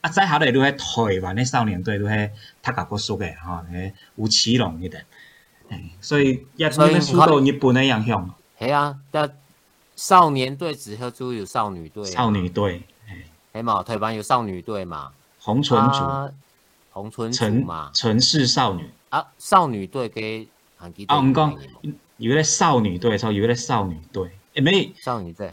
啊，再後來都喺台灣啲少年隊都喺踢甲過熟嘅，哈、喔，喺吳奇隆呢啲，所以，所以日本嘅輸到日本嘅影響。係、嗯、啊，但少年隊只合出有少女隊、啊。少女隊，係、欸、嘛，台灣有少女隊嘛？紅唇組，紅唇組嘛城？城市少女啊，少女隊嘅啊，我們講有啲少女隊，錯有啲少女隊，誒，咩？少女隊。